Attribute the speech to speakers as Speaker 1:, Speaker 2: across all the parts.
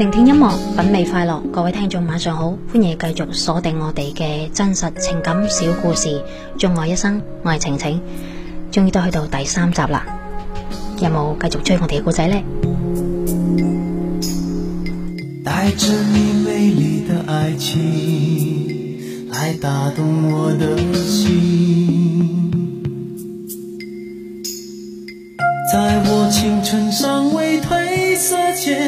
Speaker 1: 靜聽音樂，品味快樂。各位聽眾晚上好，歡迎繼續鎖定我哋嘅真實情感小故事《鍾愛一生》，我係晴晴，終於都去到第三集啦，有冇繼續追我哋嘅故仔呢？「帶着你美麗的愛情
Speaker 2: 來打動我的心，在我青春尚未褪色前。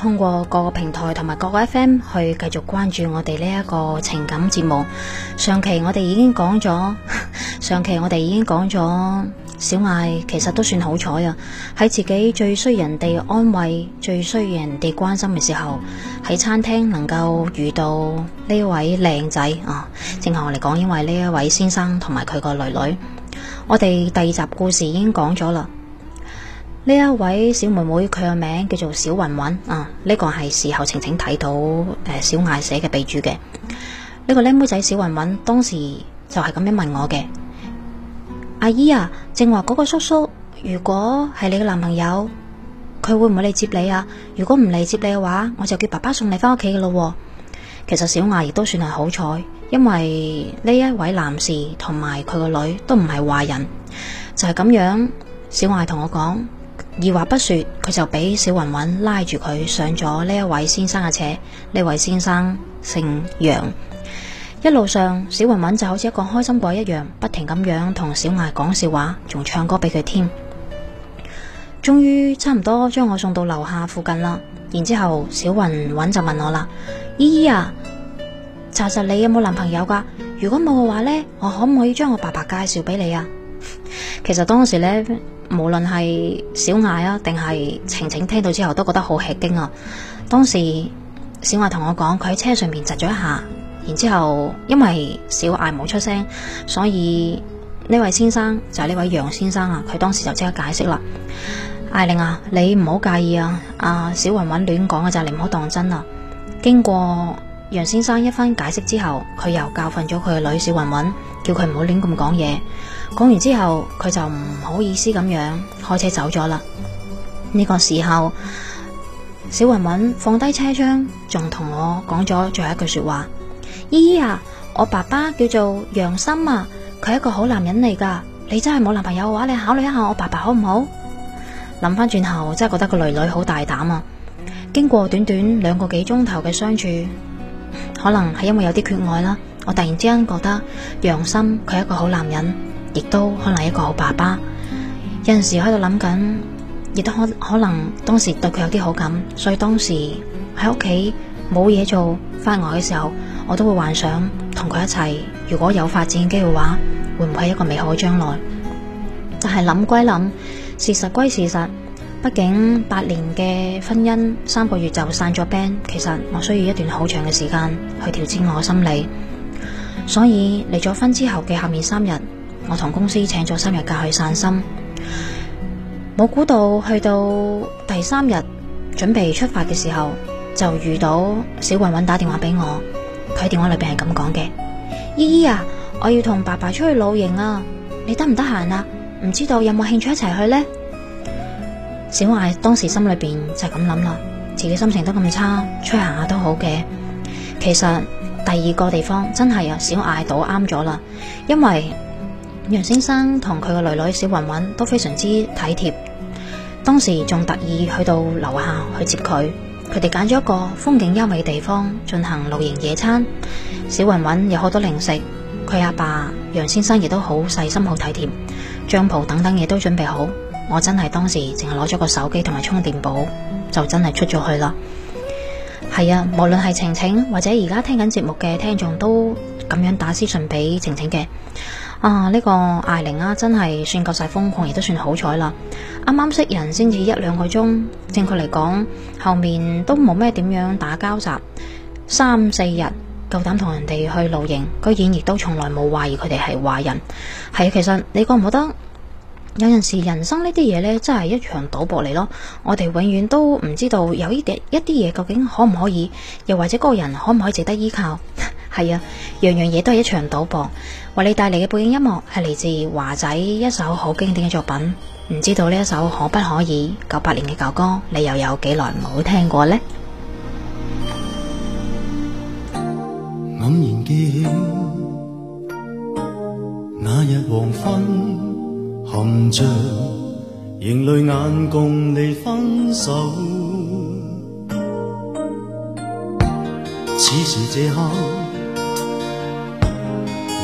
Speaker 1: 通過各個平台同埋各個 FM 去繼續關注我哋呢一個情感節目。上期我哋已經講咗，上期我哋已經講咗，小艾其實都算好彩啊！喺自己最需人哋安慰，最需人哋關心嘅時候，喺餐廳能夠遇到呢位靚仔啊！正話我嚟講，因為呢一位先生同埋佢個女女，我哋第二集故事已經講咗啦。呢一位小妹妹，佢、嗯個名叫做小云雲啊。呢個係事後晴晴睇到誒、呃，小艾寫嘅備注嘅呢，呢個僆妹仔小云云當時就係咁樣問我嘅阿姨啊。正話嗰個叔叔，如果係你嘅男朋友，佢會唔會嚟接你啊？如果唔嚟接你嘅話，我就叫爸爸送你返屋企嘅咯。其實小艾亦都算係好彩，因為呢一位男士同埋佢個女都唔係壞人，就係、係、咁樣，小艾同我講。二話不說，佢就俾小云云拉住佢上咗呢一位先生嘅車。呢位先生姓楊，一路上小云云就好似一個開心鬼一樣，不停咁樣同小艾講笑話，仲唱歌俾佢添。終於差唔多將我送到樓下附近啦，然之後小云云就問我啦：依依啊，查實你有冇男朋友噶？如果冇嘅話呢，我可唔可以將我爸爸介紹俾你啊？其實當時呢。無論係小艾啊，定係晴晴聽到之後都覺得好吃驚啊！當時小艾同我講，佢喺車上面窒咗一下，然後之後因為小艾冇出聲，所以呢位先生就係呢位楊先生啊，佢當時就即刻解釋啦。艾玲啊，你唔好介意啊！啊，小云云亂講嘅就係你唔好當真啦。經過楊先生一番解釋之後，佢又教訓咗佢女小云云，叫佢唔好亂咁講嘢。講完之後，佢就唔好意思咁樣開車走咗啦。呢、這個時候，小云云放低車窗，仲同我講咗最後一句說話：姨姨啊，我爸爸叫做楊森啊，佢係一個好男人嚟噶。你真係冇男朋友嘅，啊、話，你考慮一下我爸爸好唔好？諗翻轉頭，真係覺得個女女好大膽啊。經過短短兩個幾鐘頭嘅相處，可能係因為有啲缺愛啦。我突然之間覺得楊森佢係一個好男人。亦都可能係一個好爸爸，有陣時喺度諗緊，亦都可可能當時對佢有啲好感，所以當時喺屋企冇嘢做，發呆嘅時候，我都會幻想同佢一齊。如果有發展機會嘅話，會唔會係一個美好嘅將來？但係諗歸諗，事實歸事實，畢竟八年嘅婚姻三個月就散咗 band。其實我需要一段好長嘅時間去調整我嘅心理。所以離咗婚之後嘅下面三日，我同公司請咗三日假去散心，冇估到去到第三日準備出發嘅時候就遇到小云云打電話俾我。佢電話裏邊係咁講嘅：「姨姨啊，我要同爸爸出去露營啊，你得唔得閒啊？唔知道有冇興趣一齊去呢？」小艾當時心裏邊就係咁諗啦，自己心情都咁差，出去行下都好嘅。其實第二個地方真係啊，小艾倒啱咗啦，因為。楊先生同佢個女女小云云都非常之體貼，當時仲特意去到樓下去接佢。佢哋揀咗一個風景優美嘅地方進行露營野餐。小云云有好多零食，佢阿爸楊先生亦都好細心、好體貼，帳篷等等嘢都準備好。我真係當時淨係攞咗個手機同埋充電寶，就真係出咗去啦。係啊，無論係晴晴或者而家聽緊節目嘅聽眾都咁樣打私信俾晴晴嘅。啊！呢個艾玲啊，真係算夠晒瘋狂，亦都算好彩啦。啱啱識人先至一兩個鐘，正確嚟講，後面都冇咩點樣打交雜，三四日夠膽同人哋去露營，居然亦都從來冇懷疑佢哋係壞人。係啊，其實你覺唔覺得有陣時人生呢啲嘢呢，真係一場賭博嚟咯？我哋永遠都唔知道有呢啲一啲嘢究竟可唔可以，又或者個人可唔可以值得依靠。係啊，樣樣嘢都係一場賭博。為你帶嚟嘅背景音樂係嚟自華仔一首好經典嘅作品，唔知道呢一首可不可以九八年嘅舊歌？你又有幾耐冇聽過呢？
Speaker 3: 黯然記起那日黃昏，含着盈淚眼共你分手，此時這刻。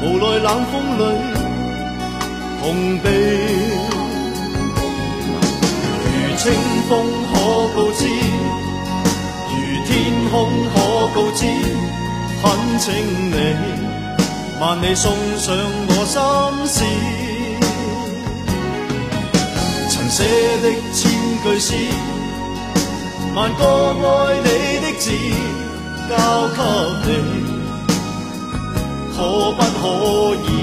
Speaker 3: 無奈冷風裏，痛悲，如清風可告知，如天空可告知，懇請你萬里送上我心事。曾寫的千句詩，萬個愛你的字，交給你。可不可以？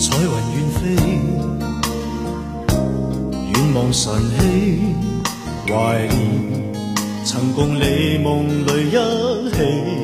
Speaker 3: 彩雲遠飛，遠望晨曦，懷念曾共你夢裏一起。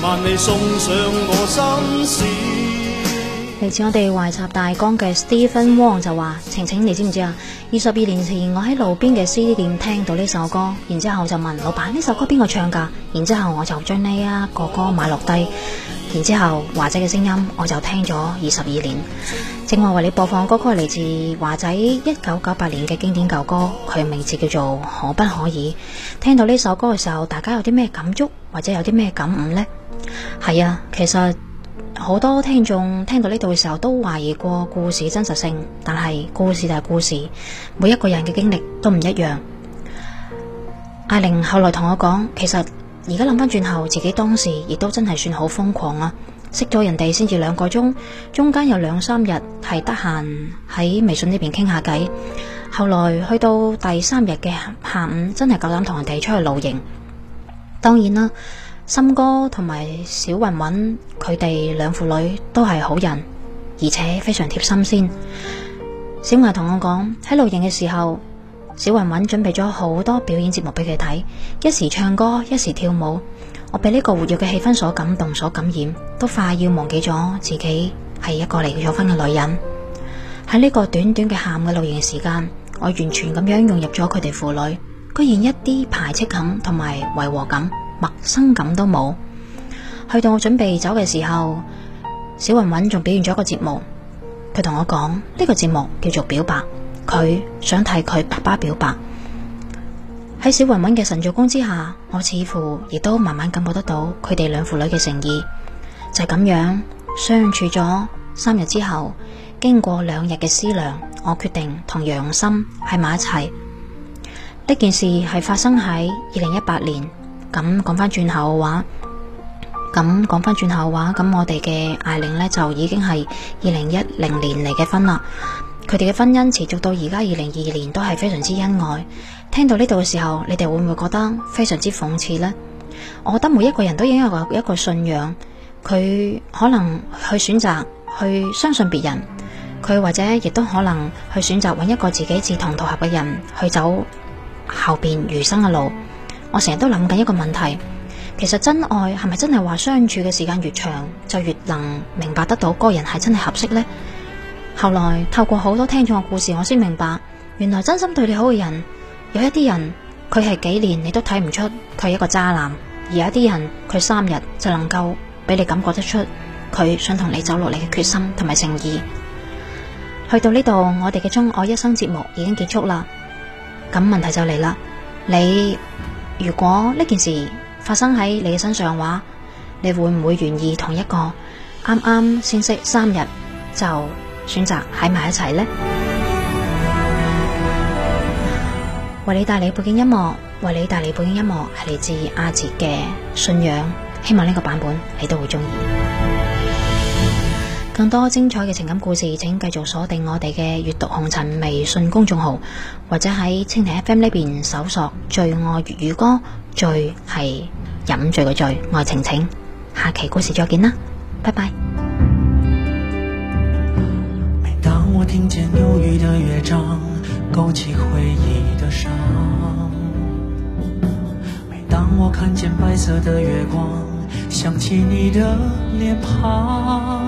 Speaker 1: 萬你送上我心事。嚟自我哋懷集大江嘅 Stephen Wong 就話：晴晴，你知唔知啊？二十二年前，我喺路邊嘅 CD 店聽到呢首歌，然之後就問老闆呢首歌邊個唱噶？然之後我就將呢一個歌買落低。然之後華仔嘅聲音，我就聽咗二十二年。正話為你播放歌曲，嚟自華仔一九九八年嘅經典舊歌，佢嘅名字叫做《可不可以》。聽到呢首歌嘅時候，大家有啲咩感觸，或者有啲咩感悟呢？」係啊，其實好多聽眾聽到呢度嘅時候都懷疑過故事真實性，但係故事就係故事，每一個人嘅經歷都唔一樣。阿玲後來同我講，其實而家諗翻轉頭，自己當時亦都真係算好瘋狂啊！識咗人哋先至兩個鐘，中間有兩三日係得閒喺微信呢邊傾下偈，後來去到第三日嘅下午，真係夠膽同人哋出去露營。當然啦、啊。森哥同埋小云云，佢哋兩父女都係好人，而且非常貼心。先小牙同我講喺露營嘅時候，小云云準備咗好多表演節目俾佢睇，一時唱歌，一時跳舞。我被呢個活躍嘅氣氛所感動，所感染，都快要忘記咗自己係一個離咗婚嘅女人。喺呢個短短嘅下午嘅露營時間，我完全咁樣融入咗佢哋父女，居然一啲排斥感同埋違和感，陌生感都冇，去到我準備走嘅時候，小云云仲表現咗一個節目。佢同我講呢個節目叫做表白，佢想替佢爸爸表白。喺小云云嘅神助攻之下，我似乎亦都慢慢感覺得到佢哋兩父女嘅誠意。就咁樣相處咗三日之後，經過兩日嘅思量，我決定同楊心喺埋一齊。呢件事係發生喺二零一八年。咁講返轉口嘅話，咁講返轉口話，咁我哋嘅艾玲呢，就已經係二零一零年離嘅婚啦。佢哋嘅婚姻持續到而家二零二二年都係非常之恩愛。聽到呢度嘅時候，你哋會唔會覺得非常之諷刺呢？我覺得每一個人都應該有一個信仰，佢可能去選擇去相信別人，佢或者亦都可能去選擇揾一個自己志同道合嘅人去走後邊餘生嘅路。我成日都諗緊一個問題，其實真愛係咪真係話相處嘅時間越長就越能明白得到嗰人係真係合適呢？後來透過好多聽眾嘅故事，我先明白，原來真心對你好嘅人，有一啲人佢係幾年你都睇唔出佢係一個渣男，而有一啲人佢三日就能夠俾你感覺得出佢想同你走落嚟嘅決心同埋誠意。去到呢度，我哋嘅《鍾愛一生》節目已經結束啦。咁問題就嚟啦，你？如果呢件事發生喺你嘅身上嘅話，你會唔會願意同一個啱啱先識三日就選擇喺埋一齊呢？為你帶嚟背景音樂，為你帶嚟背景音樂係嚟自阿哲嘅信仰，希望呢個版本你都會中意。更多精彩嘅情感故事，請繼續鎖定我哋嘅閱讀紅塵微信公眾號，或者喺蜻蜓 FM 呢邊搜索醉愛粵語歌，醉係飲醉嘅醉愛情情。下期故事再見啦，拜拜。每當我聽見憂鬱的樂章，
Speaker 2: 勾起回憶的傷；每當我看見白色的月光，想起你的臉龐。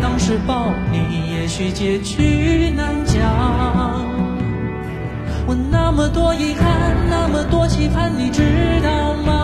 Speaker 2: 當時抱你，也許結局難講。我那麼多遺憾，那麼多期盼，你知
Speaker 4: 道嗎？